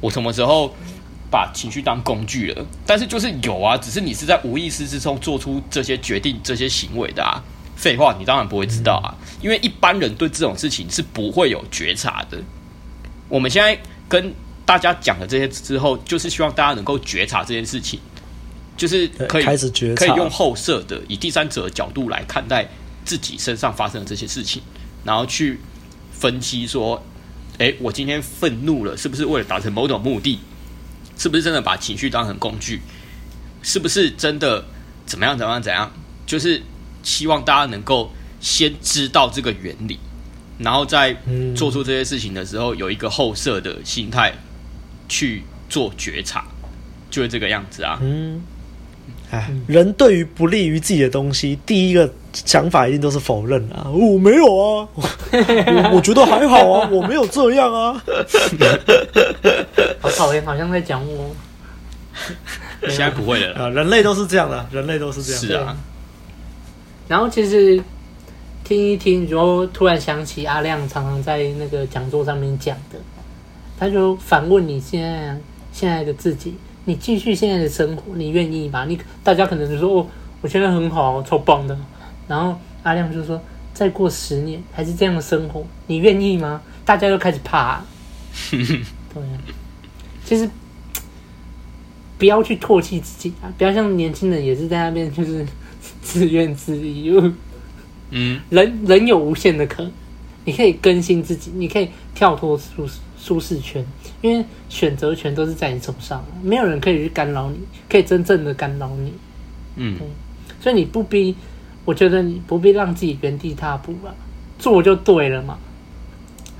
我什麼時候把情緒當工具了？但是就是有啊，只是你是在無意識之中做出這些決定、這些行為的啊。廢話，你當然不會知道啊、嗯，因為一般人對這種事情是不會有覺察的。我們現在跟大家講了這些之後，就是希望大家能夠覺察這件事情，就是可以開始覺察，可以用後設的以第三者的角度來看待自己身上發生的這些事情，然後去分析說。誒，我今天憤怒了，是不是為了達成某種目的？是不是真的把情緒當成工具？是不是真的怎麼樣怎麼樣怎樣？就是希望大家能夠先知道這個原理，然後在做出這些事情的時候，有一個後設的心態去做覺察，就是這個樣子啊。嗯哎，人對於不利於自己的東西，第一個想法一定都是否認啊！我沒有啊，我，我覺得還好啊， 我沒有這樣啊。 好討厭，好像在講我。現在不會了啊！人類都是這樣的，人類都是這樣的。是啊。然後其實聽一聽，然後突然想起阿亮常常在那個講座上面講的，他就反問你現在現在的自己。你繼續現在的生活，你願意嗎？你大家可能就說：“哦，我現在很好，哦，超棒的。”然後阿亮就說：“再過十年還是這樣的生活，你願意嗎？”大家都開始怕。 對，其實不要去唾棄自己啊！不要像年輕人也是在那邊就是自怨自艾。嗯，人人有無限的可能，你可以更新自己，你可以跳脫舒舒適圈。因為選擇權都是在你手上，沒有人可以去干擾你，可以真正的干擾你嗯。嗯，所以你不必，我覺得你不必讓自己原地踏步吧？做就對了嘛。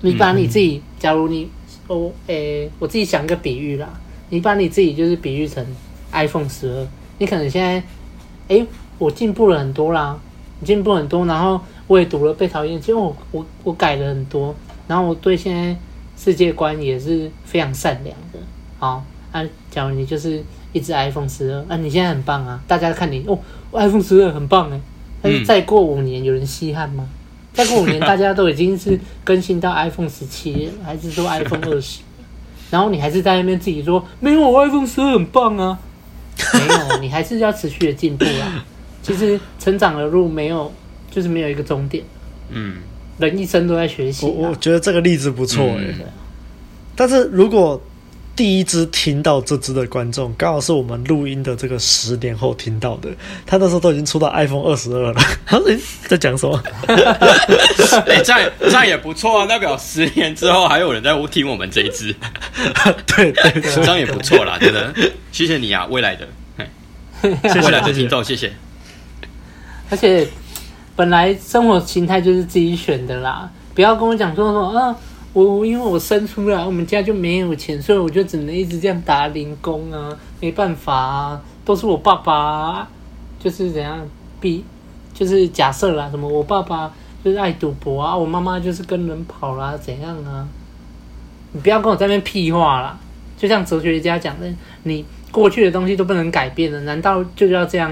你把你自己，嗯嗯假如你我，誒、哦欸，我自己想一個比喻啦，你把你自己就是比喻成 iPhone 十二，你可能現在，誒、欸，我進步了很多啦，你進步很多，然後我也讀了被討厭，其實我我我改了很多，然後我對現在。世界觀也是非常善良的，好啊！假如你就是一隻 iPhone 十二，啊，你現在很棒啊！大家看你哦，iPhone 十二很棒哎！但、嗯、是再過五年，有人稀罕嗎？再過五年，大家都已經是更新到 iPhone 十七， 還是說 iPhone 二十？然後你還是在那邊自己說，沒有，我 iPhone 十二很棒啊！沒有，你還是要持續的進步啊！ 其實成長的路沒有，就是沒有一個終點。嗯。人一生都在學習。我我覺得這個例子不錯哎、欸嗯。但是，如果第一支聽到這支的觀眾，剛好是我們錄音的這個十年後聽到的，他那時候都已經出到 iPhone 二十二了。 欸、在講什麼？哎 欸，這樣這樣也不錯啊，代表十年之後還有人在聽我們這一支。 對對，對，這樣也不錯啦，真的。 謝謝你啊，未來的， 未來的聽眾， 謝謝。而且。本來生活形態就是自己選的啦，不要跟我講說什麼啊！我因為我生出來，我們家就沒有錢，所以我就只能一直這樣打零工啊，沒辦法啊，都是我爸爸、啊，就是怎樣，比就是假設啦，什麼我爸爸就是愛賭博啊，我媽媽就是跟人跑啦、啊，怎樣啊？你不要跟我在那邊屁話啦！就像哲學家講的，你過去的東西都不能改變了，難道就要這樣，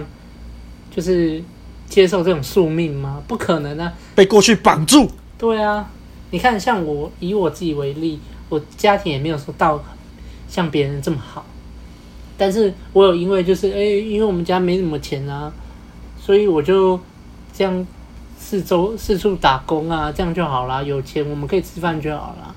就是？接受這種宿命嗎？不可能啊！被過去綁住。對啊，你看，像我以我自己為例，我家庭也沒有說到像別人這麼好，但是我有因為就是哎、欸，因為我們家沒什麼錢啊，所以我就這樣四周四處打工啊，這樣就好了，有錢我們可以吃飯就好了。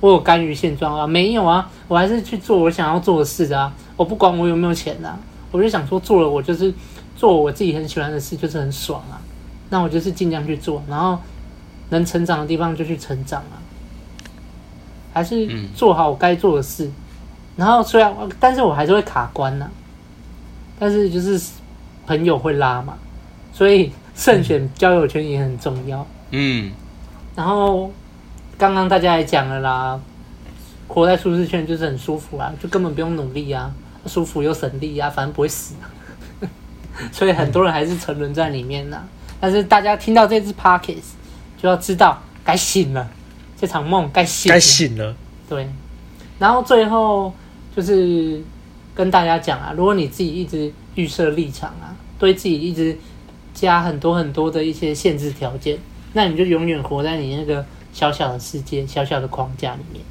我有甘於現狀啊？沒有啊，我還是去做我想要做的事啊，我不管我有沒有錢啊，我就想說做了我就是。做我自己很喜歡的事，就是很爽啊。那我就是盡量去做，然後能成長的地方就去成長啊。還是做好我該做的事。嗯。然後雖然，但是我還是會卡關吶。啊。但是就是朋友會拉嘛，所以慎選交友圈也很重要。嗯。嗯。然後剛剛大家也講了啦，活在舒適圈就是很舒服啊，就根本不用努力啊，舒服又省力啊，反正不會死啊。所以很多人還是沉淪在裡面呢。但是大家聽到這支 Podcast 就要知道該醒了，這場夢該醒了。該醒了。對。然後最後就是跟大家講啊，如果你自己一直預設立場啊，對自己一直加很多很多的一些限制條件，那你就永遠活在你那個小小的世界、小小的框架裡面。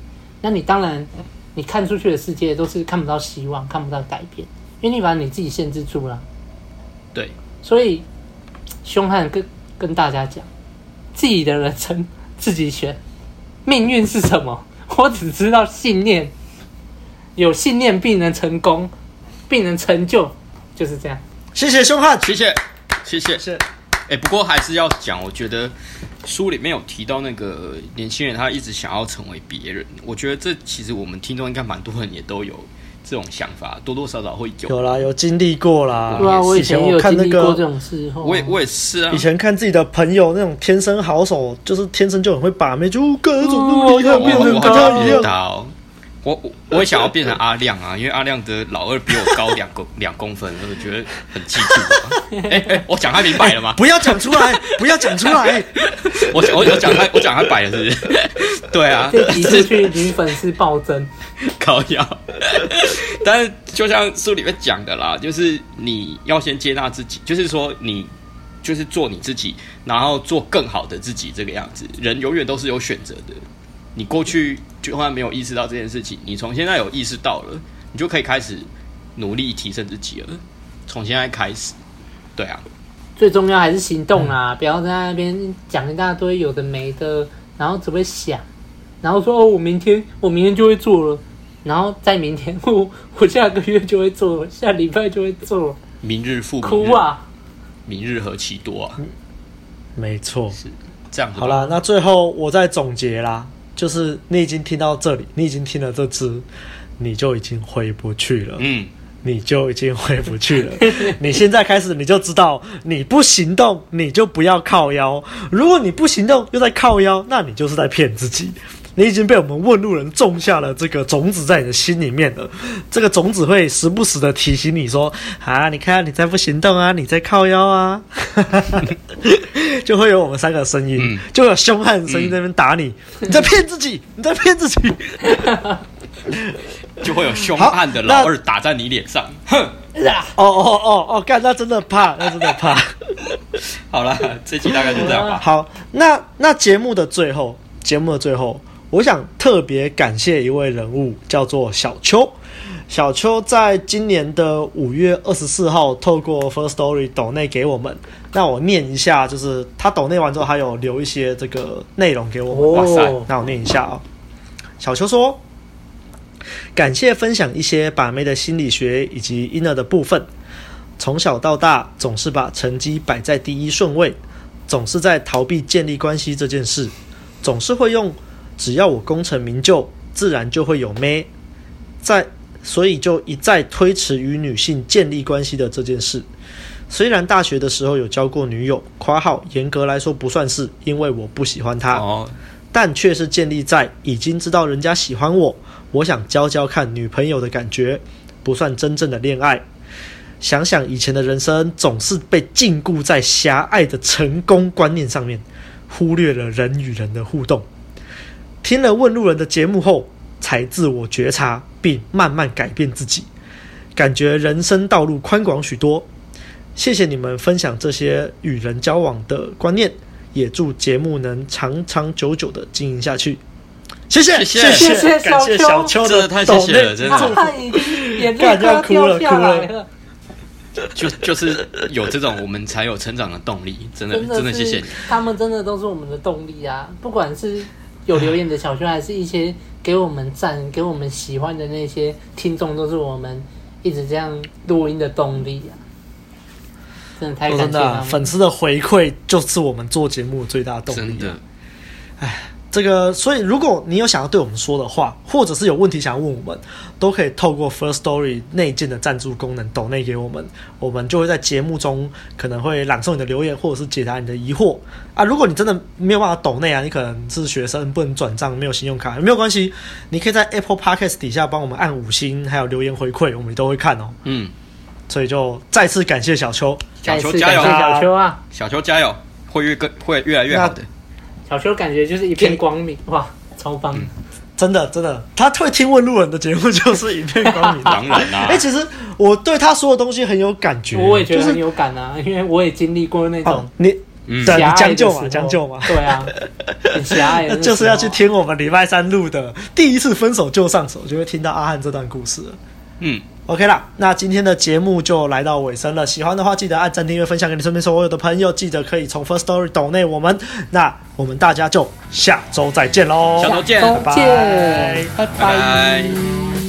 那你當然你看出去的世界都是看不到希望、看不到改變，因為你把你自己限制住了啊。對，所以兇悍跟跟大家講，自己的人生自己選。命運是什麼？我只知道信念，有信念必能成功，必能成就，就是這樣。謝謝兇悍，謝謝，謝謝，謝謝。哎，不過還是要講，我覺得書裡面有提到那個年輕人，他一直想要成為別人，我覺得這其實我們聽眾應該蠻多人也都有。這種想法多多少少會有，有啦，有經歷過啦。以前我看那個，這我也我也是啊。以前看自己的朋友那種天生好手，就是天生就很會把妹，就各種努力想變成跟他一樣。我我也想要變成阿亮啊，因為阿亮的老二比我高兩公兩公分，我覺得很嫉妒、啊。哎 哎、欸欸，我講他明白了嗎？欸、不要講出來，不要講出來。 我我有講他，我講他白了是不是？ 對啊。對，這次去，女粉絲暴增，靠腰。 但是就像書裡面講的啦，就是你要先接納自己，就是說你就是做你自己，然後做更好的自己，這個樣子，人永遠都是有選擇的。你過去就完全沒有意識到這件事情，你從現在有意識到了，你就可以開始努力提升自己了。從現在開始，對啊，最重要還是行動啊、嗯！不要在那邊講一大堆有的沒的，然後只會想，然後說哦，我明天我明天就會做了，然後在明天我我下個月就會做了，下禮拜就會做了。明日復明日。哭啊！明日何其多啊！沒錯，是這樣。好啦，那最後我再總結啦。就是你已經聽到這裡，你已經聽了這支，你就已經回不去了。嗯，你就已經回不去了。你現在開始，你就知道，你不行動，你就不要靠腰。如果你不行動，又在靠腰，那你就是在騙自己。你已經被我們問路人種下了這個種子在你的心裡面了，這個種子會時不時的提醒你說：“啊，你看你再不行動啊，你在靠腰啊， 就會有我們三個聲音，就有兇悍的聲音在那邊打你，你在騙自己，你在騙自己， 就會有兇悍的老二打在你臉上，哼，哦哦哦哦，幹，那真的怕，那真的怕。 好了，這期大概就這樣吧。好，好，那那節目的最後，節目的最後。我想特別感謝一位人物，叫做小秋。小秋在今年的五月二十四號，透過 First Story 抖內給我們。那我念一下，就是他抖內完之後，還有留一些這個內容給我們。哇塞！那我念一下哦。小秋說：“感謝分享一些把妹的心理學以及 inner 的部分。從小到大，總是把成績擺在第一順位，總是在逃避建立關係這件事，總是會用。”只要我功成名就，自然就會有妹在，所以就一再推遲與女性建立關係的這件事。雖然大學的時候有交過女友，括號嚴格來說不算是，因為我不喜歡她，但卻是建立在已經知道人家喜歡我，我想交交看女朋友的感覺，不算真正的戀愛。想想以前的人生，總是被禁錮在狹隘的成功觀念上面，忽略了人與人的互動。聽了問路人的節目後，才自我覺察並慢慢改變自己，感覺人生道路寬廣許多。謝謝你們分享這些與人交往的觀念，也祝節目能長長久久的經營下去。謝謝謝謝，謝，謝，感謝小秋，真的太謝謝了，真的。他已經眼淚都掉下來了。哭了哭了 就就是有這種，我們才有成長的動力。真的真的，真的謝謝你，他們真的都是我們的動力啊，不管是。有留言的小學還是一些給我們讚、給我們喜歡的那些聽眾，都是我們一直這樣錄音的動力、啊、真的太感謝他們了。粉絲的回饋就是我們做節目最大的動力。真的，這個，所以如果你有想要對我們說的話，或者是有問題想要問我們，都可以透過 Firstory 內建的贊助功能抖內給我們，我們就會在節目中可能會朗誦你的留言，或者是解答你的疑惑啊。如果你真的沒有辦法抖內啊，你可能是學生不能轉賬，沒有信用卡沒有關係，你可以在 Apple Podcast 底下幫我們按五星，還有留言回饋，我們都會看哦。嗯，所以就再次感謝小秋。感謝小秋啊、小秋加油，小秋啊，小秋加油，會越更會越來越好的。小邱感覺就是一片光明哇，超棒的、嗯！真的真的，他會聽問路人的節目就是一片光明， 當然、啊欸、其實我對他說的東西很有感覺，我也覺得很有感啊，就是、因為我也經歷過那種、哦、你將、嗯、就嘛，將、嗯、就嘛，對啊，很狹隘，就是要去聽我們禮拜三錄的第一次分手就上手，就會聽到阿漢這段故事嗯。OK 啦，那今天的節目就來到尾聲了。喜歡的話，記得按讚、訂閱、分享給你身邊所有的朋友，記得可以從 Firstory 抖內我們。那我們大家就下周再見嘍！下周見，拜拜！拜拜！Bye bye